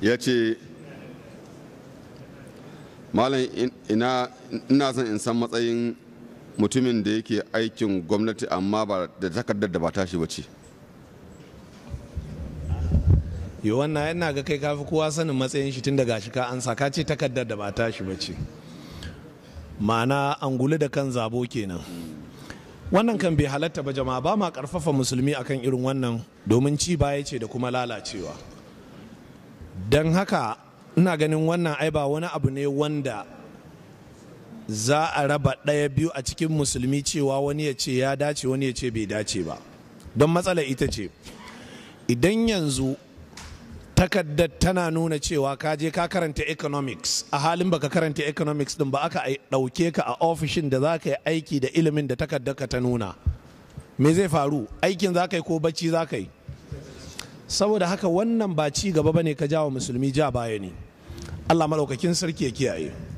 ya ce malam ina son in san matsayin mutumin da yake aikin gwamnati amma ba da takardar da ba tashi ba ce yi wannan yana ga kai kafi kowa sanin matsayin shi tun daga shi ka an saka ce takardar da ba tashi ba ce ma'ana angulu da kan zabo kenan wannan kan bai halatta ba jama'a ba ma karfafa musulmi akan irin wannan domin ci baya ce da kuma lalacewa don haka ina ganin wannan ai ba wani abu ne wanda za a raba ɗaya biyu a cikin musulmi cewa wani ya ce ya dace wani ya ce bai dace ba don matsala ita ce idan yanzu takaddar tana nuna cewa ka je ka karanta economics a halin baka karanta economics din ba aka ɗauke ka a ofishin da za ka yi aiki da ilimin da takaddar ka ta nuna me zai faru aikin za ka yi ko bacci za ka yi saboda haka wannan ba ci gaba bane ka jawo musulmi ja baya ne Allah maɗaukakin sarki ya kiyaye